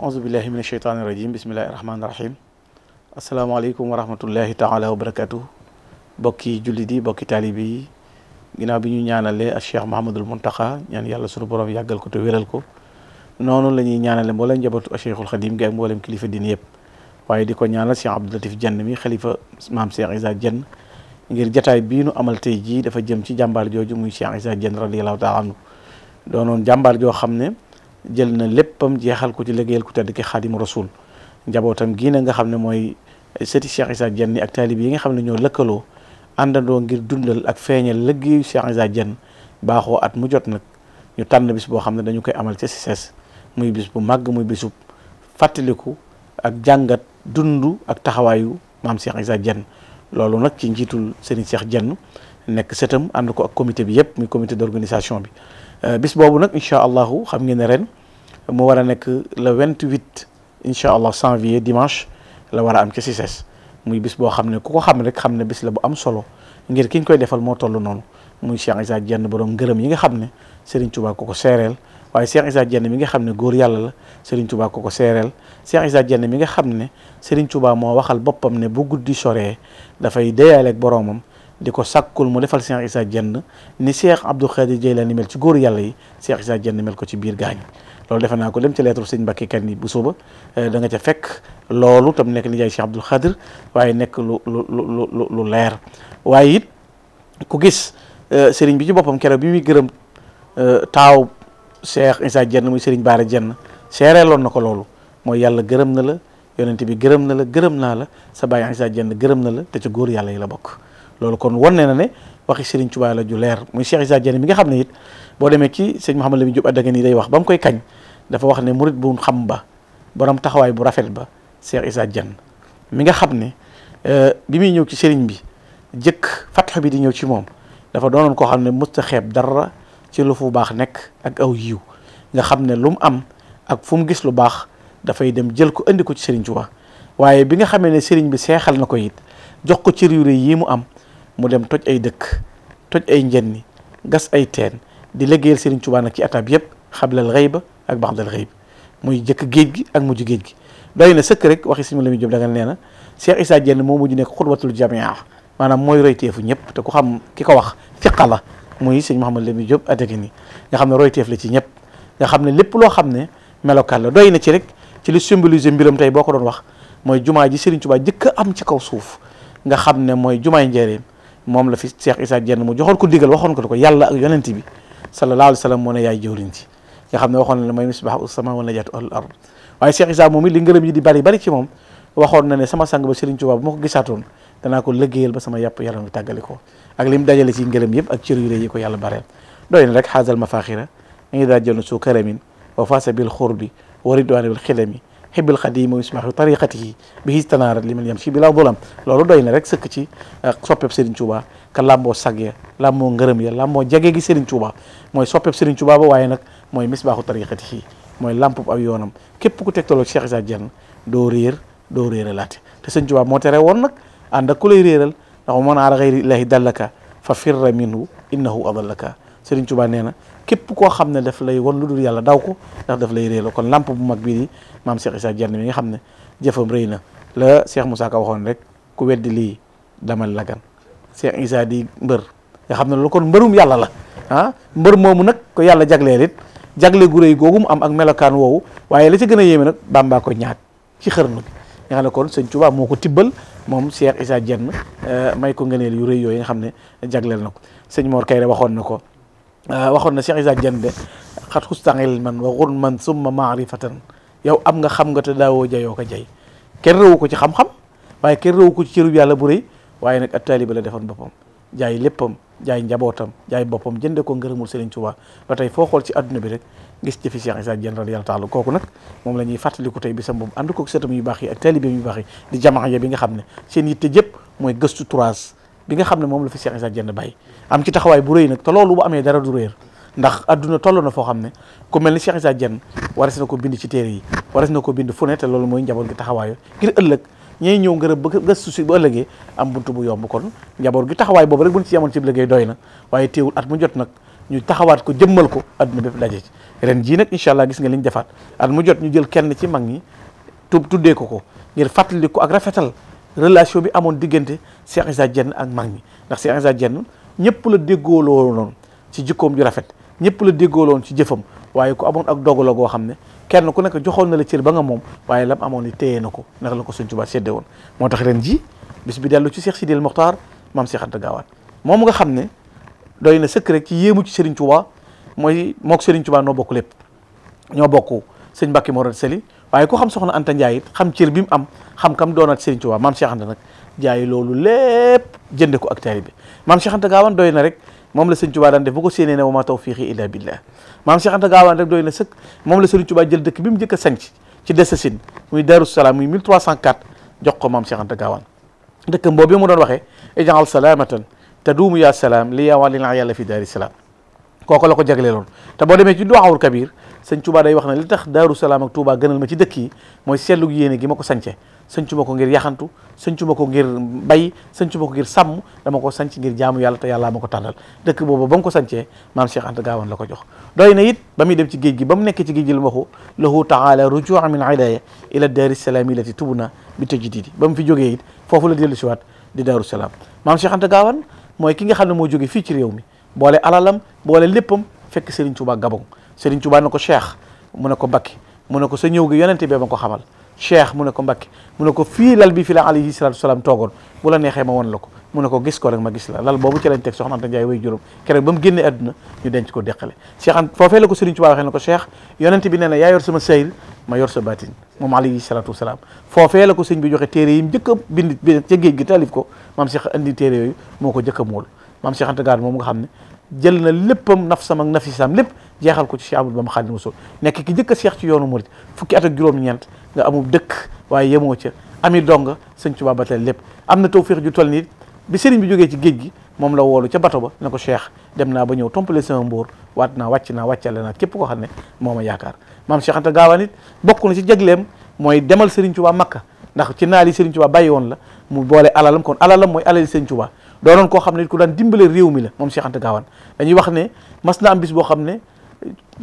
aousubillahi min asheytaani rajim bismillahi rahmaani rahim asalaamaaleykum wa rahmatullahi taala wa barakatuh bokki jullit yi bokki taalibe yi ginnaaw bi ñu ñaanalee ak cheikh mahamadul muntaxa ñaan yàlla sunu borom yàggal ko te wéral ko noonu la ñuy ñaanale mbooleem njabootu cheikhul xadim gi ak mbooleem kilifa diine yëpp waaye di ko ñaanal cheikh abdoulatif jenn mi xalifa maam cheikh isa jenn ngir jataay bii nu amal tey jii dafa jëm ci jàmbaar jooju muy cheikh isa jenn radiallahu taala anhu joo xam ne jël na léppam jeexal ko ci liggéeyal ku tedd ki xaadimu rasul njabootam gii na nga xam ne mooy sëti Cheikh jenn Dienne ak yi nga xam ne ñoo lëkkaloo àndandoo ngir dundal ak feeñal liggéeyu Cheikh Issa baaxoo at mu jot nag ñu tànn bis boo xam ne dañu koy amal ca CICES muy bis bu màgg muy bisub fàttaliku ak jàngat dund ak taxawaayu maam Cheikh Issa Dienne loolu nag ci njiitul Serigne Cheikh Dienne nekk sëtam ànd ko ak comité bi yëpp muy comité d'organisation bi Euh, bis boobu nag incha allahu xam ngeen ne ren mu war a nekk le vingt huit incha allah sanvier dimanche la war a am ci CICES e muy bis boo xam ne ku ko xam rek xam ne bis la bu am solo ngir ki ñu koy defal moo toll noonu muy Cheikh Issa Diène borom ngërëm yi nga xam ne Serigne Touba ko ko waaye Cheikh Issa Diène nga xam ne góor yàlla la Serigne ko ko seereel Cheikh Issa mi nga xam ne Serigne Touba moo waxal boppam ne bu guddi soree dafay deyaaleeg boromam. di ko sàkkul mu defal Cheikh Issa jenn ni Cheikh Abdou Khadir ni mel ci góor yàlla yi Cheikh Issa Diène mel ko ci biir gaañ loolu defe naa ko dem ci lettre sëñ Mbàkke kan yi bu suba eh, da nga ca fekk loolu tam nekk ni jaay Cheikh Abdou Khadir waaye nekk lu lu lu leer waaye it ku gis eh, sëriñ bi ci boppam keroog bi muy gërëm eh, taaw Cheikh Issa Diène muy sëriñ Baara Diène seereeloon na ko loolu mooy yàlla gërëm na la yonent bi gërëm na la gërëm naa la sa baay Issa Diène gërëm na la te ci góor yàlla yi la bokk loolu kon wane na ne waxi sëriñ Touba la ju leer muy Cheikh Issa Diagne mi nga xam ne it boo demee ci sëñ Mouhamed Lamine Diop Addaga nii day wax ba mu koy kañ dafa wax ne murit bu xam ba borom taxawaay bu rafet ba Cheikh Issa Diagne mi nga xam ne euh, bi muy ñëw ci Serigne bi jëkk fatxu bi di ñëw ci moom dafa doonoon koo xam ne mësta xeeb dara ci lu fu baax nekk ak aw yiw nga xam ne lu mu am ak fu mu gis lu baax dafay dem jël ko indi ko ci Serigne Touba waaye bi nga xamee ne Serigne bi seexal na ko it jox ko ci riwre yi mu am mu dem toj ay dëkk toj ay njenni gas ay teen di liggéeyal Serigne Touba nag ci atab yëpp xablal xëyba ak baxdal xëyb muy jëkk géej gi ak mujj géej gi doy na sëkk rek waxi Serigne Lamine Diop Dagana nee na Cheikh Issa Diène moo mujj nekk xutwatul jamia maanaam mooy royteefu ñëpp te ku xam ki ko wax fiqa la muy sëñ Mouhamadou Lamine Diop Dagana nga xam ne royteef la ci ñëpp nga xam ne lépp loo xam ne melokaan la doy na ci rek ci lu symbolisé mbiram tey boo ko doon wax mooy jumaa ji Serigne Touba jëkk am ci kaw suuf nga xam ne mooy jumaay njëreem moom la fi Cheikh Issa Diène mu joxoon ko digal waxoon ko ko yàlla ak yonent bi sallallahu alayhi wa sallam moo ne yaay jëwriñ xam ne waxoon na ne mooy misbaahu sama wala najaatu al ard waaye Cheikh Issa moom it li ngërëm yi di bari bari ci moom waxoon na ne sama sang ba Serigne Touba bu ma ko gisaatoon danaa ko liggéeyal ba sama yàpp yàlla nga tàggali ko ak lim dajale ci ngërëm yëpp ak cër yu rëy yi ko yàlla bareel doy na rek xaasal mafaaxira ngi daal jël su karamin wa faasa bil xurbi wa ridwaani bil xilami xibbil xadim mooy misbahu tariqatihi bi istanarat liman yamshi bila dulam loolu doy na rek sëkk ci eh, soppeb Serigne Touba ka làmboo sag ya làmboo ngërëm ya làmboo jege gi Serigne Touba mooy soppeb Serigne Touba ba waaye nag mooy misbahu tariqatihi mooy lampub ab yoonam képp ku tegtaloo Cheikh sa Dieng doo réer doo réeralaate te Serigne Touba moo tere woon nag ànd ak ku lay a ndax man ala ghayri ilahi ka fa firra minhu innahu adallaka Serigne Touba nee na képp koo xam ne daf lay won lu dul yàlla daw ko ndax daf lay la kon làmp bu mag bii di maam Cheikh Issa Diagne nga xam ne jëfam rëy na la Cheikh Moussa Ka waxoon rek ku weddi lii damal lagan Cheikh Issa di mbër xam ne loolu kon mbërum yàlla la ah mbër moomu nag ko yàlla jagleel it jagle gu rëy googu mu am ak melokaan woowu waaye la ci gën a yéeme nag Bàmbaa ko ci xërnu bi nga xam ne kon sëñ Touba moo ko tibbal moom Cheikh Issa Diagne eh, may ko ngëneel yu rëy yooyu nga xam ne jagleel na ko sëñ kay Kayre waxoon na ko Ah, waxoon na Cheikh Issa Dieng de xat xustaxil man waxul man summa maarifatan yow am nga xam nga te daawoo jayoo ko jay kenn réwu ko ci xam-xam waaye kenn réwu ko ci cërub yàlla bu rëy waaye nag ab taaliba la defoon boppam jaay léppam jaay njabootam jaay boppam jënde ko ngërëmul Serigne Touba ba tey foo xool ci àdduna bi rek gis jëfi Cheikh Issa Dieng radiyallahu la kooku nag moom la ñuy fàttaliku tey bisam boobu ànd kook sëtam yu baax yi ak taalibeem yu baax yi di jamaa bi nga xam ne seen yitte jëpp mooy gëstu bi nga xam ne moom la fi Cheikh Issa Diène bàyyi am ci taxawaay bu rëy nag te loolu bu amee dara du réer ndax adduna toll na foo xam ne ku mel ni Cheikh Issa Diène waras na ko bind ci téere yi waras na ko bind fu ne te loolu mooy njaboot gi taxawaayo ëllëg ñay ñëw ngërëb ba gëstu si bu ëllëgee am buntu bu yomb kon njaboot gi taxawaay boobu rek buñ ci yemoon ci liggéey doy na waaye teewul at mu jot nag ñu taxawaat ko jëmmal ko adduna bépp daje ci ren jii nag incha allah gis nga liñ defaat at mu jot ñu jël kenn ci mag ñi tuddee ko ko ngir fàttali ko ak rafetal relation bi amoon diggante Cheikh Issa jenn ak mag ñi ndax Cheikh Issa jenn ñëpp la déggooloon ci jikkoom ju rafet ñëpp la déggooloon ci jëfam waaye ku amoon ak dogu la goo xam ne kenn ku nekk joxoon na la cër ba nga moom waaye lam amoon li teyee na ko ndax la ko Sëñ Tuubaa sédde woon moo tax ren ji bis bi dellu ci Cheikh Sidil Mokhtar maam Cheikh Anta Gaawaan moom nga xam ne doy na sëkk rek ci yéemu ci Serigne Touba mooy mook Serigne Touba noo bokk lépp ñoo bokk sëñ Mbàkke Mor Sali waaye ko xam soxna Anta Ndiaye it xam cër bi mu am xam kam doonaat Serigne Touba maam Cheikh Anta nag jaay loolu lépp jënde ko ak taalibe bi maam Cheikh Anta Gaawaan doy na rek moom la Serigne Touba daan def bu ko séenee ne wa maa tawfiiqi illaa billah maam Cheikh Anta Gaawaan rek doy na sëkk moom la Serigne Touba jël dëkk bi mu njëkk a sanc ci Dessasine muy Darou Salaam muy jox ko maam Cheikh Anta Gaawaan dëkkam boobu mu doon waxee ijaal salaamatan taduumu yaa salaam li yaa waa li naa yàlla fi daari salaam kooku la ko jagleeloon te boo demee ci doxawul kabir sëñ Touba day wax na li tax Daaru Salaam ak Touba gënal ma ci dëkk yi mooy seetlu yéene gi ma ko sance sëncu ma ko ngir yaxantu sëncu ma ko ngir bay sëncu ma ko ngir sàmm dama ko sanc ngir jaamu yàlla te yàlla ma ko tànnal dëkk boobu ba mu ko sancee maam Cheikh Anta la ko jox doy na it ba muy dem ci géej gi ba mu nekk ci géej gi lu waxu lahu taala rujuu min idaya ila daari salaami lati tubuna bi tajdidi ba mu fi jógee it foofu la dellu siwaat di Daaru Salaam maam Cheikh Anta Gaawaan mooy ki nga xam ne moo jóge fii ci réew mi boole alalam boole léppam fekk Serigne Touba Gabon Serigne Touba ne ko Cheikh mu ne ko Mbacke mu ne ko sa ñëw gi yonente bee ma ko xamal Cheikh mu ne ko Mbacke mu ne ko fii lal bi fi la alayhi salatu salaam toogoon bu la neexee ma won la ko mu ne ko gis ko rek ma gis la lal boobu ci lañ teg soxna Anta Ndiaye way juróom keroog ba mu génnee àdduna ñu denc ko deqale Cheikh an foofee la ko Serigne Touba waxee ne ko Cheikh yonente bi nee na yaa yor sama sayr ma yor sa baatin moom alayhi salatu wasalaam foofee la ko sëñ bi joxe téere yi mu a bind ca géej gi taalif ko maam Cheikh andi yooyu moo ko jëkk mool maam Cheikh Anta Gaar moom nga xam ne jël na léppam nafsam ak nafisam lépp jeexal ko ci Cheikh Ahmadou Bamba Khadimu Rasul nekk ki jëkk a seex ci yoonu fukki at ak ñeent nga amul dëkk waaye yemoo ca ami dong sëñ Tuubaa batal lépp am na tawféex ju toll nii bi bi jógee ci géej gi moom la woolu ca bato ba ne ko cheikh dem naa ba ñëw tompale sama mbóor waat naa wàcc naa wàccale naa képp koo xam ne moo ma yaakaar maam Cheikh Anta Gaawaan it bokk na ci jagleem mooy demal sëriñ Tuubaa Makka ndax ci naal yi sëriñ Tuubaa bàyyi woon la mu boole alalam kon alalam mooy alali sëriñ Tuubaa doonoon koo xam ne ku daan dimbale réew mi la moom Cheikh Anta Gawane dañuy wax ne mas na am bis boo xam ne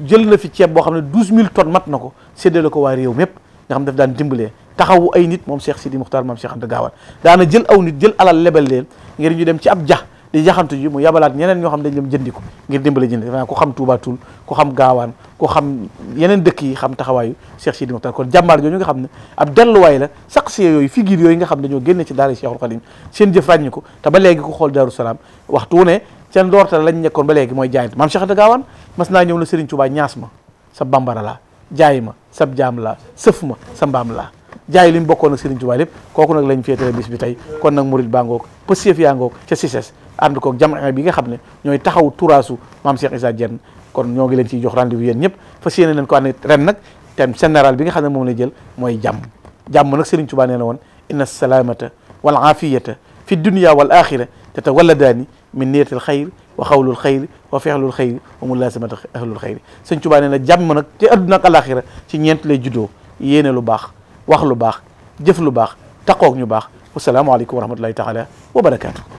jël na fi ceeb boo xam ne douze mille tonnes mat na ko séddale ko waa réew mépp nga xam daf daan dimbalee taxawu ay nit moom si di Muxtaar moom Cheikh Anta Gawane daana jël aw nit jël alal lebel leen ngir ñu dem ci ab jax di jaxantu ji mu yabalaat ñeneen ñoo xam dañ dem jëndi ko ngir dimbale jënd dafa ku xam Touba Toul ku xam gaawaan ku xam yeneen dëkk yi xam taxawaayu Cheikh Sidi Mokhtar kon jàmbaar jooju nga xam ne ab delluwaay la saq si yooyu figure yooyu nga xam dañoo génne ci daara Cheikhul Khadim seen jëf ràññi ko te ba léegi ku xool Daaru Salaam waxtu wu ne seen ndoortal lañ nekkoon ba léegi mooy jaayante maam Cheikh Anta gaawaan mas naa ñëw na Serigne Touba ñaas ma sa bambara laa jaay ma sa jaam laa sëf ma sa mbaam laa jaay li mu bokkoon ak Serigne Touba lépp kooku nag lañ féetale bis bi tey kon nag murid baa ngoog pësief yaa ngoog ca Cissés ànd koog jamaa bi nga xam ne ñooy taxaw turaasu maam Cheikh Issa Diène kon ñoo ngi leen ciy jox rendez-vous yéen ñëpp fas yéene leen ko ànd ren nag thème général bi nga xam ne moom la jël mooy jàmm jàmm nag Serigne Touba nee na woon inna salaamata wal aafiyata fi dunia wal axira tatawalladaani min niyatil xayr wa xawlul xayr wa fexlul xayr wa mulaasamata ahlul xayr Serigne Touba nee na jàmm nag ci adduna ak alaxira ci ñeent lay juddoo yéene lu baax wax lu baax jëf lu baax taqoog ñu baax wasalaamualeykum wa rahmatullahi taala wa barakaatu